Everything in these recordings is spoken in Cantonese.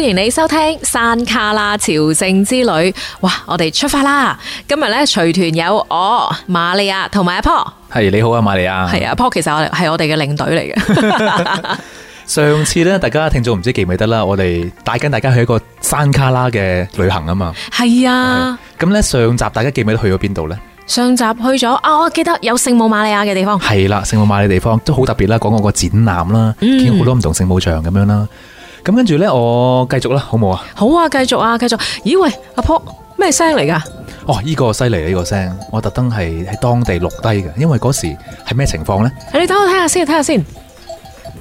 歡迎你收聽山旮旯朝聖之旅。哇，我哋出發啦！今日咧，隨團有我、瑪利亞同埋阿 Paul。係，你好啊，瑪利亞。係啊，阿 Paul，其實是我哋係我哋嘅領隊嚟嘅。 上次咧，大家聽眾唔知記唔記得啦，我哋帶緊大家去一個山旮旯嘅旅行啊嘛。係啊。咁咧，那上集大家記唔記得去咗邊度咧？上集去咗啊！我記得有聖母瑪利亞嘅地方。係啦，啊，聖母瑪利亞地方都好特別啦，講嗰個展覽啦，見好多唔同聖母像咁樣啦。嗯。咁跟住咧，我繼續啦，好冇啊？好啊，繼續啊，繼續！咦喂，阿婆咩聲嚟噶？哦，依個犀利啊！依個聲，我特登係喺當地錄低嘅，因為嗰時係咩情況咧？你等我聽下先，聽下先。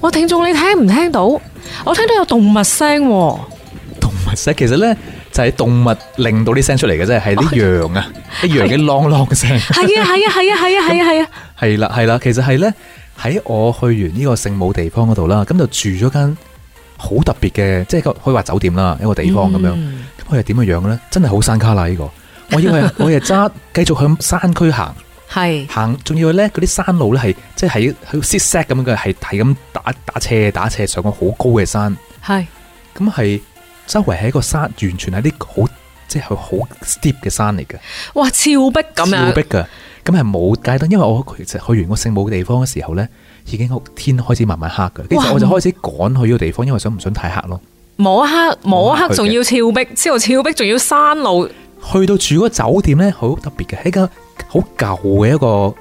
我聽眾你聽唔聽到？我聽到有動物聲。動物聲其實咧就係動物令到啲聲出嚟嘅啫，係啲羊啊，一樣嘅啷啷嘅聲。係啊係啊係啊係啊係啊係啊！係啦係啦，其實係咧喺我去完呢個聖母地方嗰度啦，咁就住咗間。好特別嘅，即係個可以話酒店啦，一個地方咁樣。咁佢係點嘅樣咧？真係好山旮旯呢個。我以為 我係揸，繼續向山區行，係行，仲要係咧嗰啲山路咧係即係喺喺個斜打斜咁嘅，係係咁打打斜打斜上個好高嘅山，係咁係周圍係一個山，完全係啲好即係佢好 steep 嘅山嚟嘅。哇，峭壁咁樣，峭壁嘅咁係冇街燈，因為我其實去完個聖母嘅地方嘅時候咧。已經屋天開始慢慢黑嘅，跟住我就開始趕去呢個地方，因為想唔想太黑咯。摸黑摸黑，仲要峭壁，之後峭壁仲要山路。去到住嗰個酒店咧，好特別嘅，喺個好舊嘅一個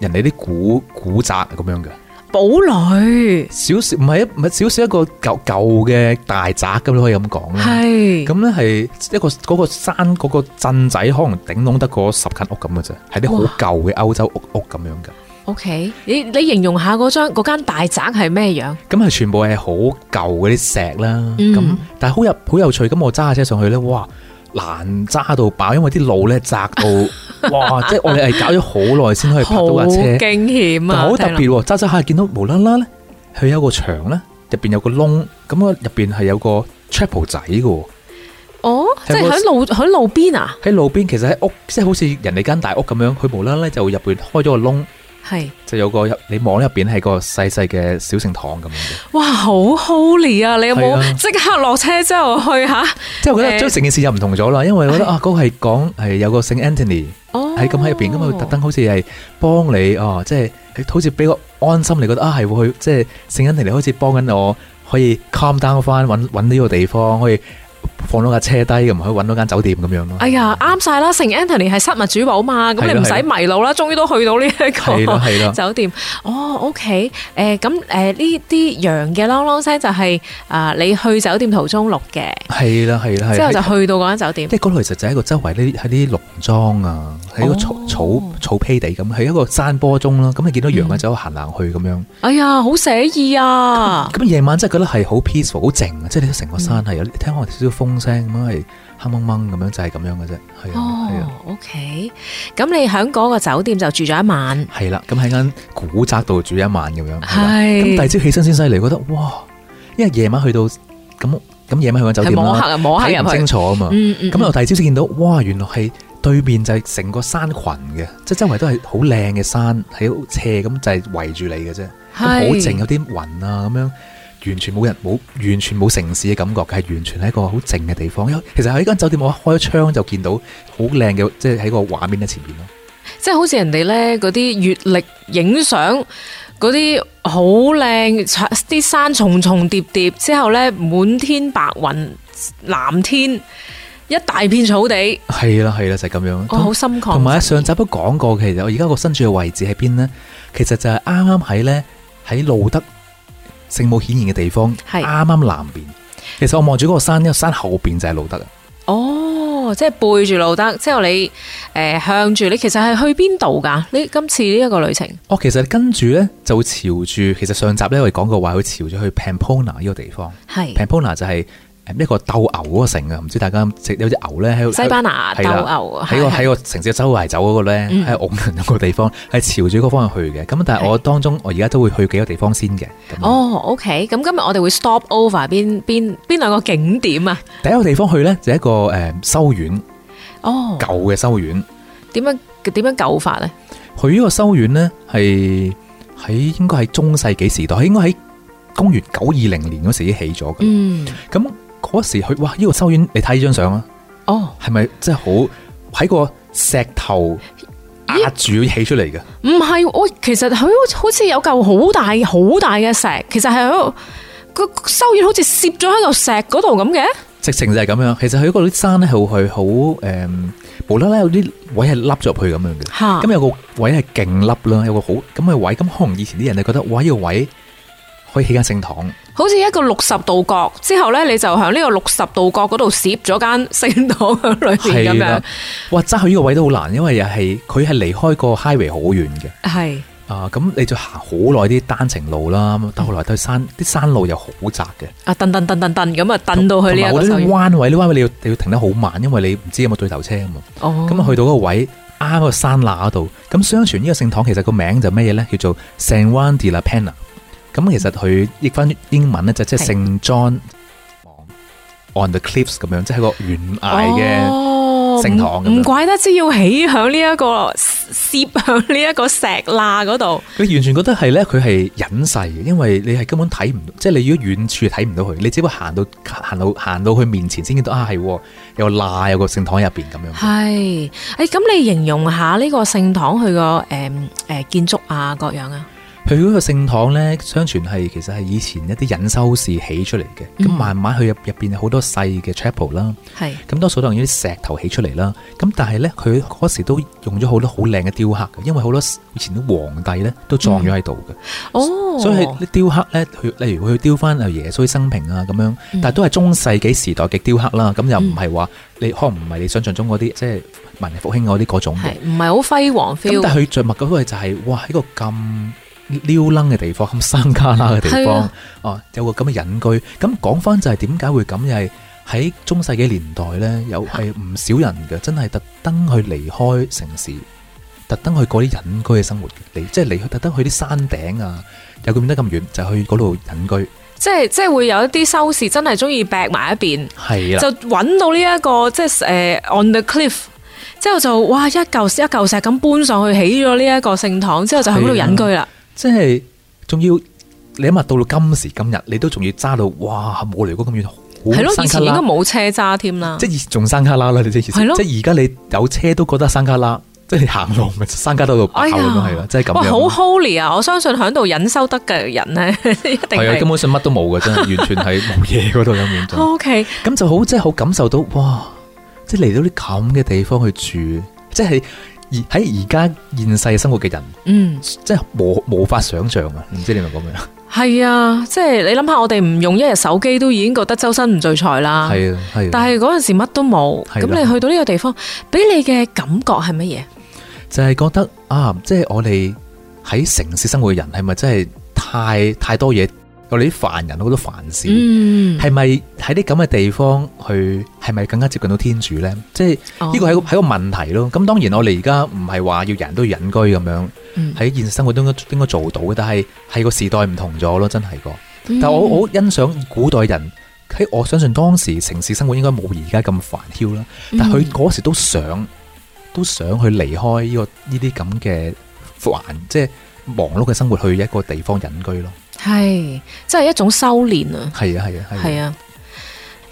人哋啲古古宅咁樣嘅堡壘。少少唔係唔係少少一個舊舊嘅大宅咁你可以咁講。係咁咧，係一個嗰個山嗰個鎮仔，可能頂籠得個十間屋咁嘅啫，係啲好舊嘅歐洲屋屋咁樣嘅。O K，你你形容一下嗰張間大宅係咩樣？咁係全部係好舊嗰啲石啦。咁、嗯、但係好有好有趣。咁我揸下車上去咧，哇，難揸到爆，因為啲路咧窄到哇， 即係我哋係搞咗好耐先可以泊到一架車，驚險啊，好特別。揸揸下見到無啦啦咧，佢有一個牆咧，入邊有個窿，咁啊入邊係有個 chapel 仔嘅。哦，即係喺路喺路邊啊？喺路邊，其實喺屋，即係好似人哋間大屋咁樣，佢無啦啦就入邊開咗個窿。係，就是、有個入你望入邊係個細細嘅小聖堂咁樣。哇，好 holy 啊！你有冇即刻落車之後去吓？即係、啊就是、我覺得將成件事又唔同咗啦、呃，因為我覺得是啊，嗰、那個係講係有個聖 Anthony 喺咁喺入邊，咁佢特登好似係幫你哦，即係好似俾、啊就是、個安心，你覺得啊係會去即、就、係、是、聖 Anthony 好似幫緊我，可以 calm down 翻，揾揾呢個地方可以。放咗架車低咁，咪可以揾到間酒店咁樣咯。哎呀，啱晒啦！成 Anthony 係失物主保嘛，咁你唔使迷路啦，終於都去到呢一個酒店。是是哦，OK，誒咁誒呢啲羊嘅啷啷聲就係、是、啊、呃，你去酒店途中錄嘅。係啦，係啦，之後就去到嗰間酒店。即嗰度其實就喺個周圍啲喺啲農莊啊，喺個草、哦、草草披地咁，係一個山坡中啦。咁你見到羊嘅、嗯、走行行去咁樣。哎呀，好寫意啊！咁夜晚真係覺得係好 peaceful，好靜啊！即係你成個山係、嗯、有聽少少風。聲咁係黑掹掹咁樣，就係咁樣嘅啫。係啊，哦，O K，咁你喺嗰個酒店就住咗一晚。係啦，咁喺間古宅度住一晚咁樣，係，咁第二朝起身先犀利，覺得哇，因為夜晚去到咁咁夜晚去個酒店啦，係，係，係，睇唔清楚啊嘛。嗯嗯，咁我第二朝先見到，哇，原來係對面就係成個山群嘅，即係周圍都係好靚嘅山喺斜咁就係圍住你嘅啫，係，好靜，有啲雲啊咁樣。完全冇人冇，完全冇城市嘅感覺，佢係完全係一個好靜嘅地方。因為其實喺間酒店我一開窗就見到好靚嘅，即係喺個畫面嘅前面咯。即係好似人哋呢嗰啲月曆影相嗰啲好靚，啲山重重疊疊之後呢，滿天白雲，藍天，一大片草地。係啦係啦，就係咁樣。我好心曠，同埋上集都講過，其實我而家個身處嘅位置喺邊呢，其實就係啱啱喺呢喺路德。聖母顯現嘅地方，係啱啱南邊。其實我望住嗰個山，一、呢個山後邊就係路德哦，即係背住路德，之後你誒、呃、向住你，其實係去邊度噶？你今次呢一個旅程，哦，其實跟住咧就會朝住。其實上集咧我哋講過話，會朝住去 Pampona 呢個地方，係 Pampona 就係、是。一個鬥牛嗰個城啊，唔知大家有隻牛咧，喺西班牙鬥牛，喺個喺個，個城市周圍走嗰、嗰個咧喺、嗯、澳門一個地方，係朝住嗰個方向去嘅。咁但係我當中，我而家都會去幾個地方先嘅。哦，OK，咁今日我哋會 stopover 邊邊邊兩個景點啊。第一個地方去咧就是、一個誒、呃、修院，哦，舊嘅修院，點樣點樣舊法咧？佢呢個修院咧係喺應該喺中世紀時代，應該喺公元九二零年嗰時候已經起咗嘅。咁、嗯。嗰時佢哇，呢、這個修院，你睇呢張相啊？哦，係咪真係好喺個石頭壓住、欸、起出嚟嘅？唔係，我其實佢好似有嚿好大好大嘅石，其實係個個修院好似攝咗喺度石嗰度咁嘅。直情就係咁樣，其實佢嗰啲山咧，好佢好誒無啦啦有啲位係凹咗入去咁樣嘅。嚇，咁有個位係勁凹啦，有個好咁嘅位，咁可能以前啲人就覺得哇，呢、這個位。可以起間聖堂，好似一個六十度角之後咧，你就喺呢個六十度角嗰度攝咗間聖堂喺裏邊咁樣。哇，揸去呢個位都好難，因為又係佢係離開個 highway 好遠嘅。係啊，咁你就行好耐啲單程路啦，嗯，但係後來對山啲山路又好窄嘅。啊，蹬蹬蹬蹬蹬，咁啊蹬到去呢個。唔係，嗰啲彎位，呢彎位你要，要停得好慢，因為你唔知有冇對頭車啊嘛。哦，咁、嗯、啊去到嗰個位，啊嗰個山罅度，咁相傳呢個聖堂其實個名就咩嘢咧？叫做 San 咁、嗯嗯、其實佢譯翻英文咧就即係聖莊 on the cliffs 咁樣，即係個懸崖嘅聖堂。唔、哦、怪得知要起喺呢一個攝喺呢一個石罅嗰度。你完全覺得係咧，佢係隱世嘅，因為你係根本睇唔，即、就、係、係、你如果遠處睇唔到佢，你只不過行到行到行到佢面前先見到。啊，係，有罅有，個，有個聖堂入邊咁樣係。係，誒咁你形容下呢個聖堂佢個誒誒建築啊各樣啊。佢嗰個聖堂咧，相傳係其實係以前一啲隱修士起出嚟嘅，咁慢慢佢入入邊好多細嘅 chapel 啦，咁多數都係用啲石頭起出嚟啦，咁但係咧佢嗰時都用咗好多好靚嘅雕刻嘅，因為好多以前啲皇帝咧都葬咗喺度嘅，哦，所以啲雕刻咧，佢例如佢雕翻阿耶穌生平啊咁樣，但係都係中世紀時代嘅雕刻啦，咁又唔係話你可能唔係你想象中嗰啲即係文藝復興嗰啲嗰種嘅，唔係好輝煌 feel，咁但係佢墳墓嗰位就係哇喺個咁。撩楞嘅地方，咁山旮旯嘅地方，哦，有個咁嘅隱居。咁講翻就係點解會咁？又係喺中世紀年代咧，有係唔少人嘅，真係特登去離開城市，特登去過啲隱居嘅生活嘅，離即係離特登去啲山頂啊，又佢變得咁遠，就去嗰度隱居。即係即係會有一啲修士真係中意劈埋一邊，係啊，就搵到呢一個即係誒 on the cliff，之後就哇一嚿一嚿石咁搬上去起咗呢一個聖堂，之後就喺嗰度隱居啦。即係仲要你諗下到到今時今日，你都仲要揸到哇，冇嚟過咁遠，係咯，以前應該冇車揸添啦。即係仲山卡拉啦，你即係即係而家你有車都覺得山卡拉，即係你行路咪山卡拉到白頭咯，係啦，即係咁。好、 哎、Holy 啊！我相信喺度忍收得嘅人咧，係啊，根本上乜都冇嘅， 真係完全係冇嘢嗰度。O K，咁就好、okay，即係好感受到哇！即係嚟到啲咁嘅地方去住，即係。而喺而家現世生活嘅人，嗯，即係無無法想象啊！唔知你咪講咩？係啊，即係你諗下，我哋唔用一日手機，都已經覺得周身唔聚財啦。係啊，係。但係嗰陣時乜都冇，咁你去到呢個地方，俾你嘅感覺係乜嘢？就係覺得啊，即係我哋喺城市生活嘅人，係咪真係太太多嘢？我哋啲凡人好多凡事，係咪喺啲咁嘅地方去？係咪更加接近到天主呢？即係呢個係係個、哦、個問題咯。咁當然我哋而家唔係話要人都隱居咁樣喺、嗯、現實生活中應該做到嘅，但係係個時代唔同咗咯，真係個。但我好欣賞古代人喺、嗯、我相信當時城市生活應該冇而家咁煩囂啦，但佢嗰時都想都想去離開呢、這個呢啲咁嘅煩，即係忙碌嘅生活，去一個地方隱居咯。係，真係一種修煉啊！係啊係啊係啊！呢、啊啊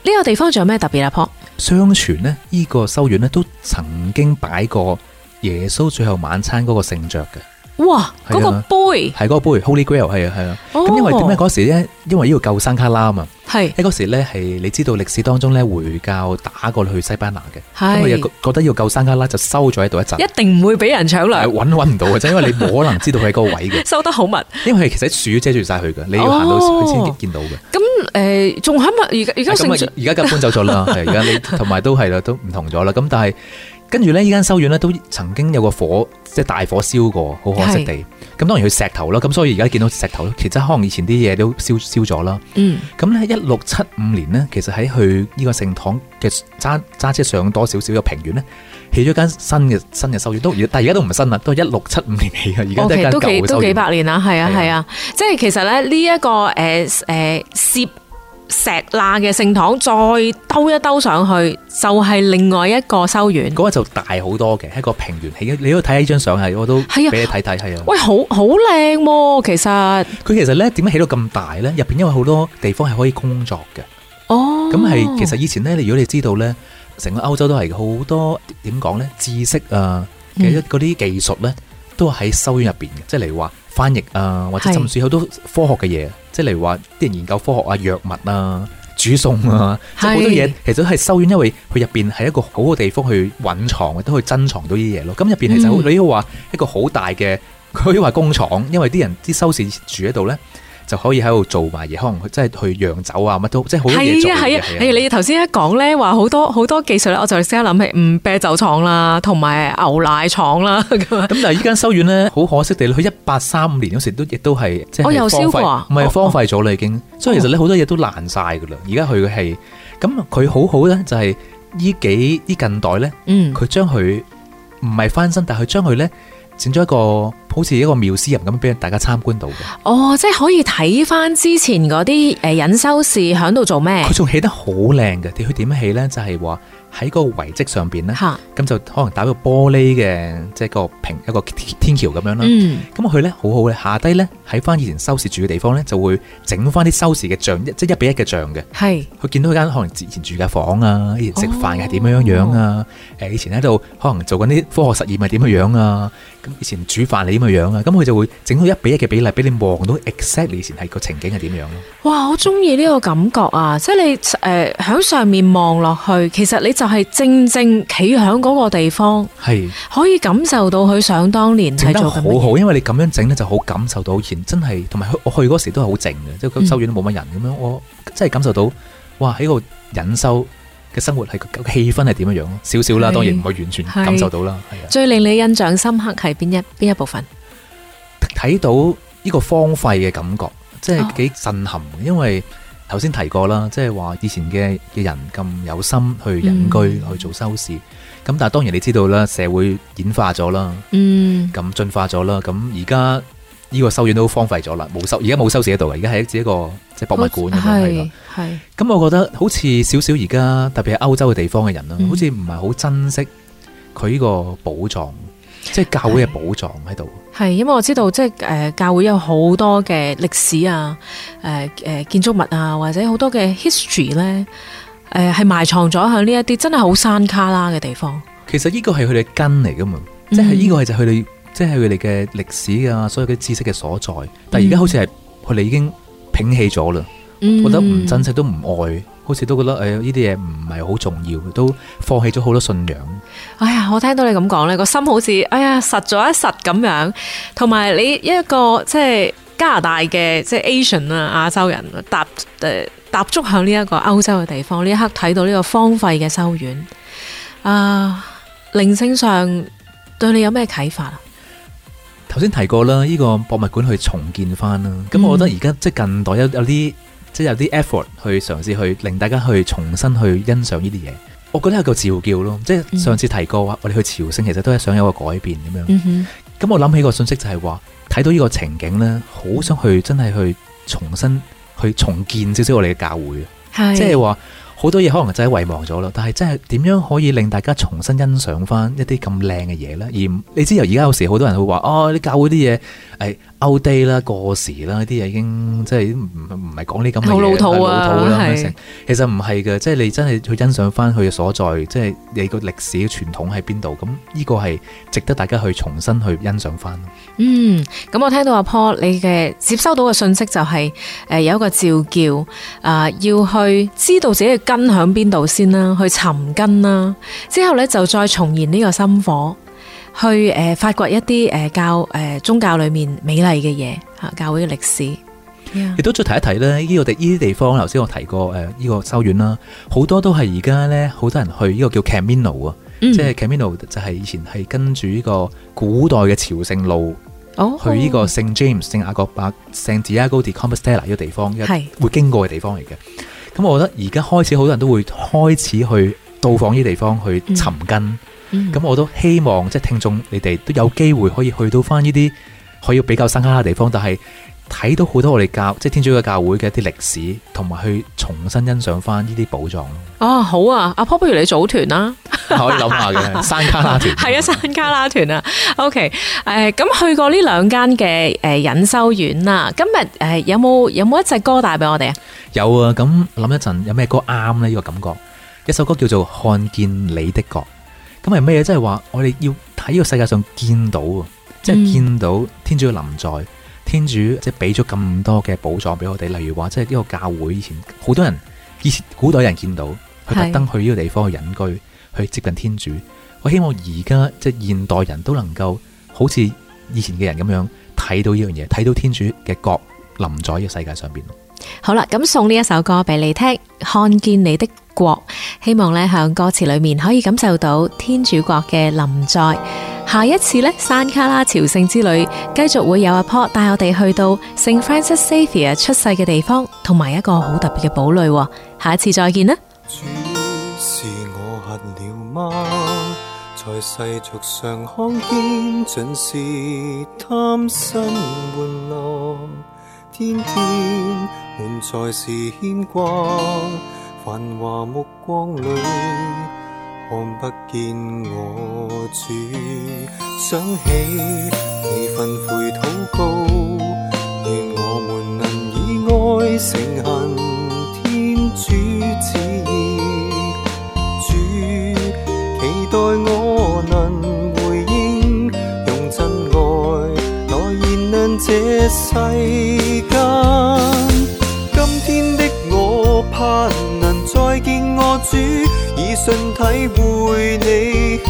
呢個地方仲有咩特別啊婆？相傳呢，呢個修院呢，都曾經擺過耶穌最後晚餐嗰個聖爵嘅。哇！嗰個杯係嗰個杯 Holy Grail，係啊係啊，咁因為點解嗰時咧？因為呢個舊山旮旯啊嘛，係喺嗰時咧係你知道歷史當中咧，回教打過去西班牙嘅，係覺得要舊山旮旯就收咗喺度一陣，一定唔會俾人搶喇，搵搵唔到嘅，就因為你冇可能知道佢喺嗰個位嘅，收得好密，因為其實樹遮住晒佢嘅，你要行到佢先見到嘅。咁誒，仲喺咪？而而家而家而家咁搬走咗啦，係而家你同埋都係啦，都唔同咗啦。咁但係。跟住呢呢間修院咧都曾經有個火，即係大火燒過，好可惜地。咁當然佢石頭啦，咁所以而家見到石頭，其實可能以前啲嘢都燒燒咗啦。咁、嗯、咧，一六七五年呢，其實喺去呢個聖堂嘅揸揸車上多少少嘅平原呢，起咗間新嘅新嘅修院，都但係而家都唔係新啦，都係一六七五年起嘅，而家都係舊嘅修院，都幾百年啦，係啊係啊，啊，啊，即係其實咧呢一個誒誒、呃呃攝石罅嘅聖堂再兜一兜上去，就係另外一個修院。嗰個就大好多嘅，係一個平原。係，你都睇呢張相係，我都俾你睇睇。係啊，喂，好好靚喎！其實佢其實咧，點解起到咁大咧？入邊因為好多地方係可以工作嘅。哦，咁係，其實以前咧，你如果你知道咧，成個歐洲都係好多點講咧，知識啊嘅一嗰啲技術咧，都係喺修院入邊嘅，即係例如話翻譯啊，或者甚至好多科學嘅嘢。即係例如話啲人研究科學啊、藥物啊、煮餸啊，即係好多嘢，其實都係修院，因為佢入邊係一個好好地方去蘊藏，都可以珍藏到啲嘢咯。咁入邊其實你要話一個好大嘅，佢話工廠，因為啲人啲修士住喺度咧。就可以喺度做埋嘢，可能佢真係去釀酒啊，乜都即係好多嘢做。係啊係啊，係你頭先一講咧，話好多好多技術咧，我就即刻諗起，嗯啤酒廠啦，同埋牛奶廠啦咁。咁但係依間修院咧，好可惜地，佢一八三五年嗰時都亦都係即係荒廢。唔係荒廢咗啦，已經。所以其實咧，好多嘢都爛曬噶啦。而家佢係咁，佢好好咧，就係依幾啲近代咧，嗯，佢將佢唔係翻新，但係佢將佢咧。整咗一個好似一個廟師人咁俾大家參觀到嘅，哦，即係可以睇返之前嗰啲誒隱修士喺度做咩？佢仲起得好靚嘅，點去點樣起咧？就係話。喺嗰個遺跡上邊咧，咁就可能打個玻璃嘅，即、就、係、是、個平一個天，天橋咁樣啦。咁佢咧好好嘅，下低咧喺翻以前修士住嘅地方咧，就會整翻啲修士嘅像，即係一比一嘅像嘅。係、就是，佢見到間可能以前住嘅房啊，以前食飯係點樣樣啊？誒、哦哦，哦、以前喺度可能做緊啲科學實驗係點樣樣啊？咁以前煮飯係點樣樣啊？咁佢就會整到一比一嘅比例，俾你望到 exactly 你以前係個情景係點樣咯、啊。哇！我中意呢個感覺啊，即係你誒喺、呃、上面望落去，其實你。就係、是、正正企喺嗰個地方，係可以感受到佢想當年做，做得好好，因為你咁樣整咧就好感受到，而真係同埋我去嗰時都係好靜嘅，即係修院都冇乜人咁樣，我真係感受到，哇喺、這個隱修嘅生活係氣氛係點樣樣，少少啦，當然唔係完全感受到啦。係啊，最令你印象深刻係邊一邊一部分？睇到呢個荒廢嘅感覺，即係幾震撼、哦，因為。頭先提過啦，即係話以前嘅嘅人咁有心去隱居、嗯、去做修士，咁但係當然你知道啦，社會演化咗啦，咁、嗯、進化咗啦，咁而家呢個修院都荒廢咗啦，冇收而家冇修士喺度嘅，而家係一個即係博物館咁樣係，咁我覺得好似少少而家特別係歐洲嘅地方嘅人啦、嗯，好似唔係好珍惜佢呢個寶藏。即係教會嘅寶藏喺度，係因為我知道即係誒、呃、教會有好多嘅歷史啊，誒、呃、誒建築物啊，或者好多嘅 history 咧、啊，誒、呃、係埋藏咗喺呢一啲真係好山卡拉嘅地方。其實呢個係佢哋嘅根嚟噶嘛，嗯、即係呢個係就佢哋即係佢哋嘅歷史啊，所有嘅知識嘅所在。但係而家好似係佢哋已經摒棄咗啦，嗯、覺得唔珍惜都唔愛。好似都覺得誒，呢啲嘢唔係好重要，都放棄咗好多信仰。哎呀，我聽到你咁講咧，個心好似哎呀實咗一實咁樣。同埋你一個即係加拿大嘅即係 Asian 啊，亞洲人踏誒踏,踏足向呢一個歐洲嘅地方，呢一刻睇到呢個荒廢嘅修院啊，靈、呃、性上對你有咩啟發啊？頭先提過啦，呢、這個博物館去重建翻啦，咁我覺得而家即係近代有有啲。嗯即係有啲 effort 去嘗試去令大家去重新去欣賞呢啲嘢，我覺得有個召叫咯。即係上次提過話、嗯，我哋去朝聖其實都係想有個改變咁樣。咁、嗯、我諗起個信息就係話，睇到呢個情景呢，好想去真係去重新去重建少少我哋嘅教會。即係話，好多嘢可能真係遺忘咗咯。但係真係點樣可以令大家重新欣賞翻一啲咁靚嘅嘢呢？而你知由而家有時好多人會話：哦，你教會啲嘢誒 out day 啦，過時啦，啲嘢已經即係唔唔係講呢咁嘅嘢啦，老土啦，咁樣成，其實唔係嘅，即係你真係去欣賞翻佢嘅所在，即係你個歷史嘅傳統喺邊度，咁呢個係值得大家去重新去欣賞翻。嗯，咁我聽到阿 Paul 你嘅接收到嘅信息就係，誒有一個召叫啊，要去知道自己嘅根喺邊度先啦，去尋根啦，之後咧，就再重燃呢個心火。去誒、呃、發掘一啲誒、呃、教誒、呃、宗教裏面美麗嘅嘢嚇，教會嘅歷史，亦、yeah. 都再提一提咧。呢、這個我哋啲地方，頭先我提過誒依、呃這個修院啦，好多都係而家咧好多人去呢個叫 Camino 啊、mm.，即係 Camino 就係以前係跟住呢個古代嘅朝聖路，oh. 去呢個聖 James、聖雅各伯、Santiago de Compostela 呢個地方，係、oh. 會經過嘅地方嚟嘅。咁、mm. 我覺得而家開始好多人都會開始去到訪呢啲地方去尋根。Mm. 咁、嗯、我都希望，即、就、係、是，聽眾你哋都有機會可以去到翻呢啲可以比較山卡拉地方，但係睇到好多我哋教即係、就是，天主教教會嘅一啲歷史，同埋去重新欣賞翻呢啲寶藏咯。哦、啊，好啊，阿婆，不如你組團啦， 可以諗下嘅山卡拉團係啊, 啊，山卡拉團啊。O K，誒，咁去過呢兩間嘅誒隱修院啦、啊。今日誒、呃呃、有冇有冇一隻歌帶俾我哋啊？有啊，咁諗一陣有咩歌啱呢？呢、這個感覺一首歌叫做《看見你的角》。咁係咩嘢？即係話我哋要喺呢個世界上見到，即係見到天主嘅臨在，天主即係俾咗咁多嘅寶藏俾我哋。例如話，即係呢個教會以前好多人、以前古代人見到佢特登去呢個地方去隱居，去接近天主。我希望而家即係現代人都能夠好似以前嘅人咁樣睇到呢樣嘢，睇到天主嘅國臨在呢個世界上邊。好啦，咁送呢一首歌俾你聽，看見你的國，希望咧響歌詞裏面可以感受到天主國嘅臨在。下一次呢，山卡拉朝聖之旅，繼續會有阿一波帶我哋去到聖弗 a v i 維 r 出世嘅地方，同埋一個好特別嘅堡壘。下一次再見啦！主是我天天滿載是牽掛，繁華目光裏看不見我主。想起你，悔悔禱告，願我們能以愛成行。盼能再見我主，以信體會你。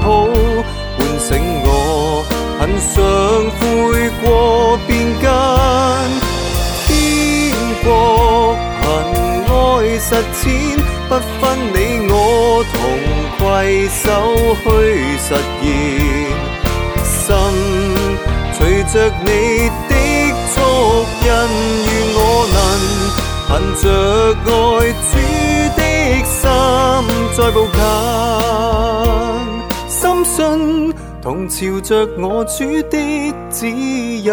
抱，喚醒我，很想悔過，變更。天國憑愛實踐，不分你我，同携手去實現。心，隨着你的足印，願我能憑着愛主的心再步近。同朝着我主的指引，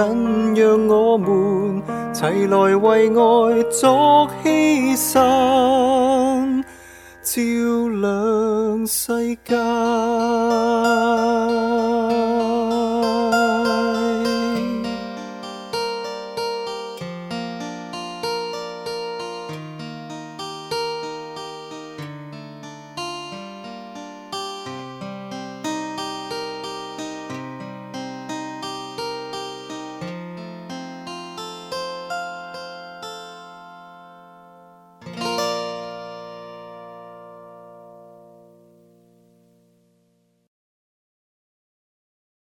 讓我們齊來為愛作犧牲，照亮世界。